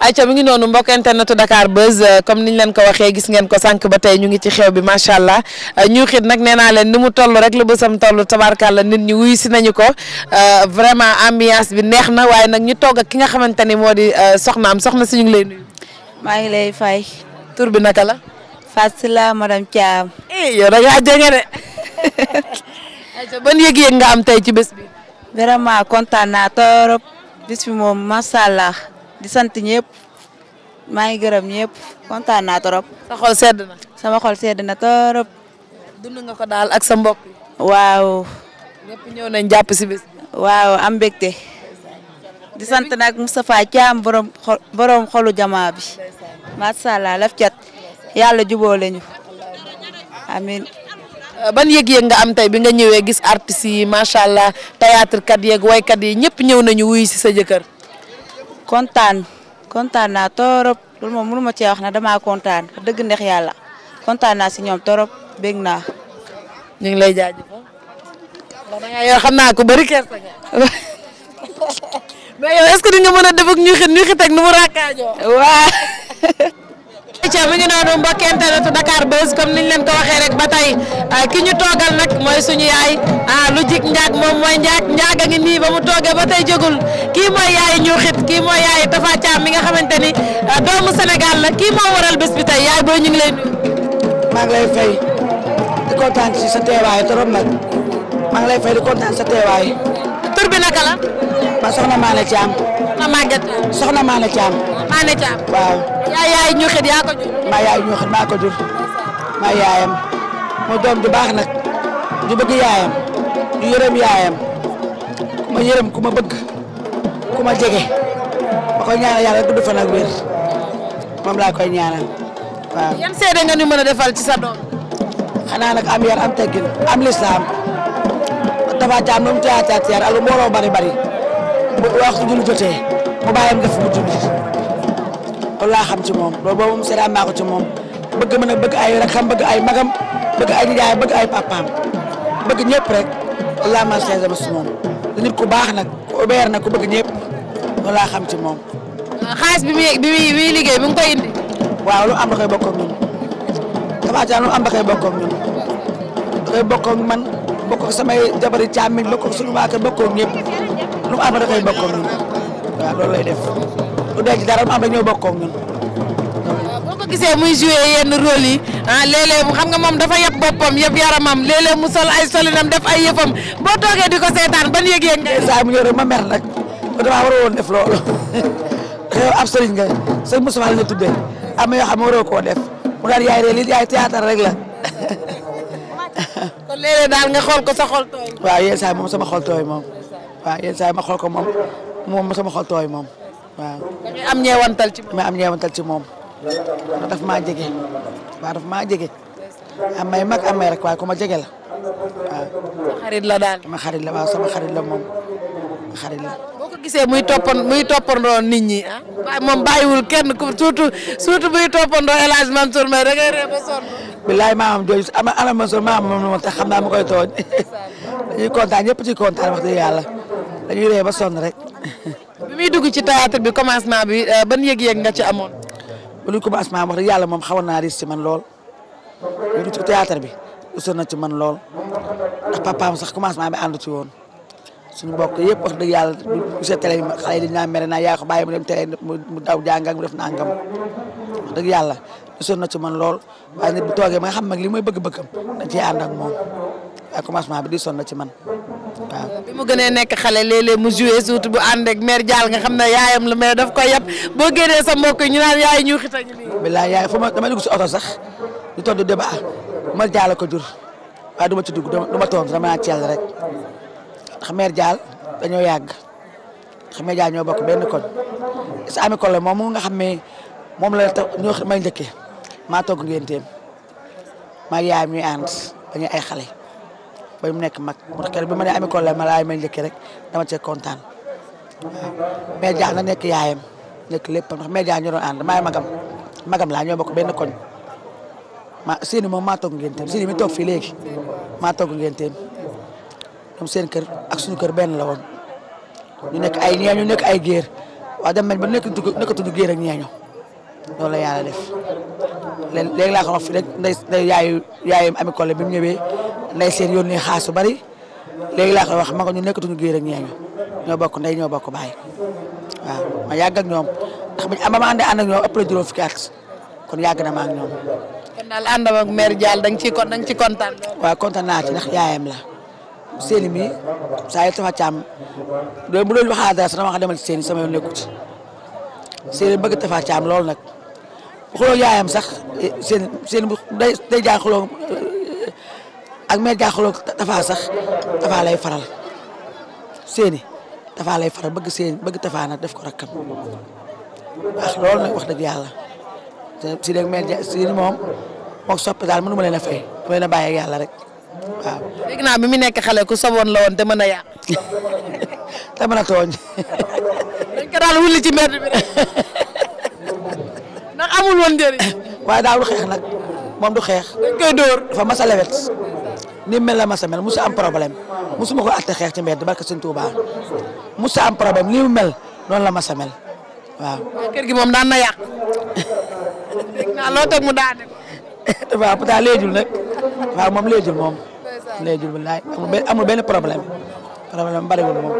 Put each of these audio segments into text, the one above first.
ayca mi ngi noonu mbokk internetu Dakar Buzz euh, comme niñ leen ko waxee gis ngeen ko sànq ba tey ñu ngi ci xew bi macha allah euh, ñu xit nag nee naa leen ni mu toll rek la bësam toll tabarkàlla nit ñu wuyu si nañu ko euh, vraiment ambiance bi neex na waaye nag ñu toog ak ki nga xamante ni moo di soxnaam soxna si ñu ngi lay nuyu. maa ngi lay fay. tur bi naka la. Fatsila madame Thiam. eh yow da ngaa jege de. ayca ban yëg-yëg nga am tey ci bés bi. vraiment kontaan naa torop bis bi moom macha allah di sant ñëpp maa ngi gërëm ñëpp kontaan naa trop. sa sedd na. sama xol sedd na trop. dund nga ko daal ak sa mbokk. waaw. ñëpp ñëw nañ jàpp si bés waaw am mbégte. di sant nag Moustapha Thiam borom xol borom xolu jamaa bi. macha allah laf cat yàlla jubóole ñu amiin. Euh, ban nga am tey bi nga ñëwee gis artistes yi macha allah théâtre kat yeeg waykat yi ñëpp ñëw nañu wuy si sa jëkkër. kontaan kontaan naa torop loolu moom mënu ma wax ne damaa kontaan dëgg neex yàlla kontaan naa si ñoom torop bég naa. ñu ngi lay jaajëfal. ndax da ngaa ca mi ngi noonu mbokk internet Dakar Buzz comme niñ leen ko waxee rek ba tey euh, ki ñu toogal nag mooy suñu yaay ah lu jik njaag moom mooy njaag njaag a ngi nii ba mu toogee ba tey jógul kii mooy yaay ñu kii mooy yaay Tafa Thiam mi nga xamante ni euh, doomu Sénégal la kii moo waral bés bi tey yaay booy ñu ngi lay nuyu. maa ngi lay fay di kontaan ci sa teewaay trop nag maa ngi lay fay di kontaan sa teewaay. tur bi naka la. ma soxna Mané Thiam. soxna Maguette. soxna Mané Thiam. Mané Thiam. waaw. yaa yaay ñu yaa ko jur. maa yaay ñu maa ko jur. maa yaayam. mu doom ju baax nag. ju bëgg yaayam. ju yërëm yaayam. ma yërëm ku ma bëgg. ku ma jege. ma koy ñaanal yàlla gudd fan ak wér. moom laa koy ñaanal. waaw yan seede nga ñu mën a defal ci sa doom. xanaa nag am yar am teggin am lislaam dafa caam nu mu caataat yar alu mbooloo bari bari. waxtu julli jotee mu bàyyam def mu julli loolu laa xam ci moom loolu boobu moom seetaan a ko ci moom bëgg a bëgg ay rakam bëgg ay magam bëgg ay nijaay bëgg ay papaam bëgg ñëpp rek loolu ma seetlu si moom di nit ku baax nag ku obeer nag ku bëgg ñëpp ah, bi muy bi muy liggéey bi mu koy indi. waaw lu am da koy bokk ak am da koy bokk ak ñun man bokk samay jabari càmmiñ bokk ak suñu waa kër lu mu loolu lay def bu denc dara mu am rek ñoo ah, dafa yeb boppam yeb yaramam léeg mu sol ay solinam def ay yëfam boo toogee di ko seetaan ban yëg-yëg nga. saa mu ñëw rek ma mer nag ba damaa war a woon def loolu yow ab nga sëñ Moussa la koo def mu yaay ree li rek la. daal nga xool ko sa xol tooy. waaw yenn saa xol tooy moom. waaw yenn saa ma xool ko moom moom sama xol tooy moom waaw. am ñeewantal ci moom ma am ñeewantal ci moom daf maa jege daf maa jege am may mag am may rek waaye ma jege la xarit la daal ma xarit la waaw sama xarit la moom ma xarit la. boo toppandoo nit ñi ah. waaye moom bàyyiwul kenn ku surtout surtout muy toppandoo El Hadj Mansour Mbaye am jooju ama ala Mansour maa am moom te xam naa ma koy tooñ dañuy kontaan ñëpp ci kontaan wax dëgg yàlla. dañuy ree ba sonn rek. bi muy dugg ci théâtre bi commencement bi euh, ban yëg-yëg nga ci amoon. ba luy commencement wax dëgg yàlla moom xawoon naa riis man lool dugg ci théâtre bi usoon na ci man lool ndax papaam sax commencement bi ànd ci woon suñu mbokk yëpp wax dëgg yàlla bu see télé bi xale yi mere naa yaa ko bàyyi mu dem mu daw jàngal mu def nangam wax dëgg yàlla usoon na ci man lool waaye nit bu toogee ba xam nag li mooy bëgg-bëggam dañ ciy ànd ak moom waaye commencement bi di sonn na ci man. waaw. bi mu gënee nekk xale léeg-léeg mu joué surtout bu ànd ak jaal Diall nga xam ne yaayam la mais daf koy yab boo génnee sa mbokk ñu naan yaay ñu xita ñu nii. yaay fu ma dama dugg si sax di toog di débat ma Diall ko jur ci dugg du ma toog dama naan teel rek ndax mère dañoo yàgg ndax mère ñoo bokk benn koñ sa ami collègue moom mu nga xam ne moom la ta ñoo may maa togg ngénteem maa yaayam ñuy ànd dañuy ay xale. ba mu nekk mag moo tax keroog bi ma nee Ami Collé ma laay may njëkkee rek dama cee kontaan waaw. mais jaax na nekk yaayam nekk léppam ndax mais jaax ñu doon ànd maay magam magam laa ñoo bokk benn koñ ma Sini moom maa toog ngénteem Sini mi toog fii léegi maa toog ngénteem ñoom seen kër ak suñu kër benn la woon ñu nekk ay ñeeñu nekk ay géer waaw dem nañ ba nekk nekkatuñu géer ak ñeeñu loolu la yàlla def. léegi laa ko wax fi rek nday yaayu yaayum Ami Collé bi mu ñëwee nday seen yónnee xaas su bari léegi laa wax ma ko ñu nekkatuñu géer ak ñeeñu bokk nday ñoo bokk baay waaw ma yàgg ak ñoom ndax bu ñu am ba ma ànd ak ñoom ëpp na juróom fukki kon yàgg na ma ak ñoom. kon daal àndam ak mère Diall da nga ciy kon da nga ciy kontaan. naa ci ndax yaayam la seeni mi saa yu tafa càmm loolu bu doon waxaat dara sax dama wax demal ci seeni sama yoon nekku ci seeni bëgg tafa càmm loolu nag. xuloo yaayam sax seen bu day day jaay xuloo ak mère jaay xuloo tafaa sax tafaa lay faral seeni tafaa lay faral bëgg seen bëgg tafaa nag def ko rakkam wax loolu nag wax dëgg yàlla te si nag moom mook soppi daal mënu ma leen a fay dama leen a yàlla rek waaw. dégg naa bi mu nekk xale ku soboon la woon te a yàq. te mën a tooñ. dañ wulli ci mbedd amul woon njëriñ. waaye daawul moom du xeex. dañ mel la mas a mel musu am problème musu ma ko àtte xeex ci mbedd barke sëñ Touba am problème ni mu mel noonu la mas a mel waaw. kër gi moom daan na yàq. naa loo teg mu daane ko. moom léejul moom. léejul wallaay amul benn problème. problème bariwul moom.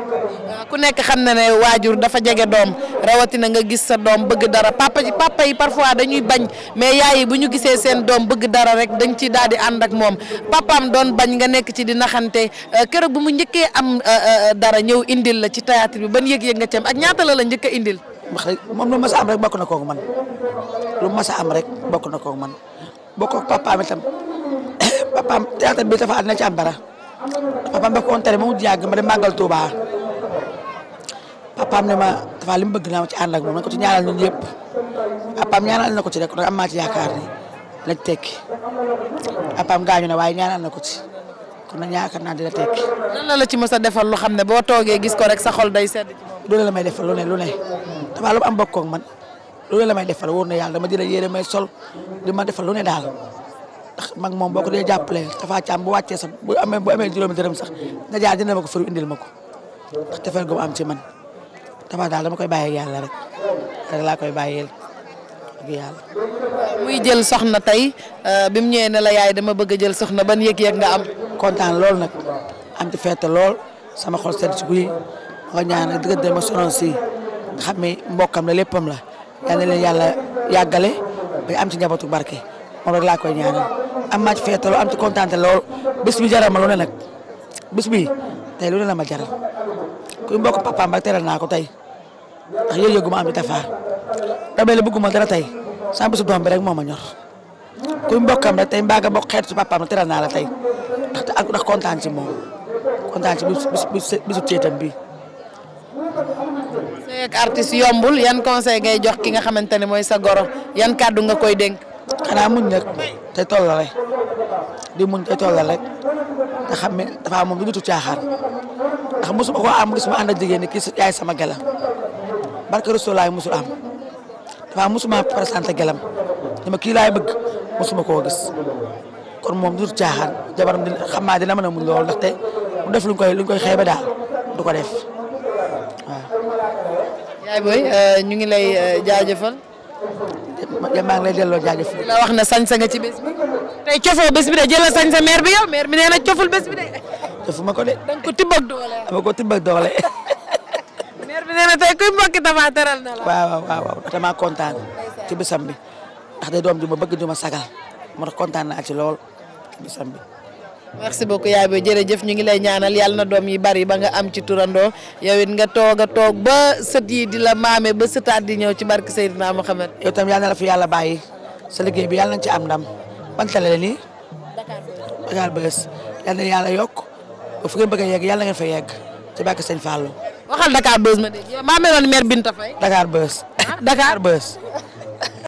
ku nekk xam na ne waajur dafa jege doom rawatina nga gis sa doom bëgg dara papa ji papa yi parfois dañuy bañ mais yaay bu ñu gisee seen doom bëgg dara rek dañ ci daal di ànd ak moom papaam doon bañ nga nekk ci di naxante euh, keroog bu mu njëkkee am euh, euh, dara ñëw indil la ci théâtre bi ban yëg-yëg nga ci ak ñaata la la njëkk a indil. moom lu mas am rek bokk na kooku man lu mas am rek bokk na kooku man bokk ak papaam itam papaam théâtre na ci am dara. papaam da ko woon tere ba yàgg ma dem màggal Touba papaam ne ma dafa li mu bëgg naa ma ci ànd ak moom na ko ci ñaanal ñun yëpp papaam ñaanal na ko ci rek am naa ci yaakaar ni lañ tekki papaam gaañu na waaye ñaanal na ko ci kon nag yaakaar naa dina tekki. la la ci mës a defal lu xam ne boo toogee gis ko rek sa xol day sedd. loolu la may defal lu ne lu ne dafa lu am bokk ak man loolu la may defal wóor na yàlla dama jëlee yére may sol di ma defal lu ne daal. mag moom boo ko dee jàppale Tapha Thiam bu wàccee sax bu amee bu amee juróomi dërëm sax na jaar dina ma ko furu indil ma ko ndax tefeel gu mu am ci man Tapha daal dama koy bàyyi yàlla rek rek laa koy bàyyeel ak yàlla. muy jël soxna tey euh, bi mu ñëwee ne la yaay dama bëgg a jël soxna ban yëg-yëg nga am. kontaan lool nag am ci fête lool sama xol sedd ci guy ma ñaan nag diggante ma sonoon si nga xam ne mbokkam la léppam la yal na leen yàlla yàggale ba am ci njabootu barke moom rek laa koy ñaanal. am maa ci feete lool am ci kontaante lool bi jaral ma lu ne nag bés bi tey lu ne la ma jaral kuy mbokk papaam ba teral naa ko tey ndax yëg-yëgu ma am ci tafaar damay la bëgguma dara tey sama bésu doom bi rek moom ma ñor kuy mbokkam rek tey mbaa nga bokk xeetu si papaam teral naa la tey ndax ndax kontaan ci moom kontaan ci bisu bisu ceetam bi sëy ak artiste yombul yan conseil ngay jox ki nga xamante ne mooy sa goro yan kàddu nga koy dénk xanaa te tollale di muñ te tollal rek xam ne dafa moom du nitu caaxaan ndax mosuma koo am gisuma ànd ak jigéen ñi kii su yaay sama gela barke Rasulaay mosul am dafa mosuma présenté gelam ma kii laay bëgg mosuma koo gis kon moom du nitu caaxaan jabaram dina xam naa dina mën a muñ lool ndaxte mu def luñ koy luñ koy xeebe daal du ko def waaw. Euh, ñu ngi lay euh, jaajëfal. de maa ngi lay delloo jaajëf. la wax na sañ sa nga ci bés bi tey cofoo bés bi de jëlal sañ sa bi yow maire bi nee na coful ko de. ko tibb ak doole. ko tibb doole. maire bi nee na tey kuy mbokki damaa teral na la. waaw waaw waaw damaa kontaan ci bisam bi ndax de doom ju ma bëgg ju ma sagal moo tax kontaan naa ci lool ci bi. merci beaucoup yaay booy jërëjëf ñu ngi lay ñaanal yàlla na doom yi bari ba nga am ci turandoo yow it nga toog a toog ba sët yi di la maame ba sëtaat di ñëw ci barke Seydina Mohamed. yow tam yàlla na la fi yàlla bàyyi sa liggéey bi yàlla ci am ndam ban télé la nii. Dakar Buzz bëgg a yegg yàlla ngeen fa yegg ci barke Sëñ Fallou. waxal Dakar Buzz ma dégg yow maa meloon mère Binta Faye. Dakar Buzz. Ah,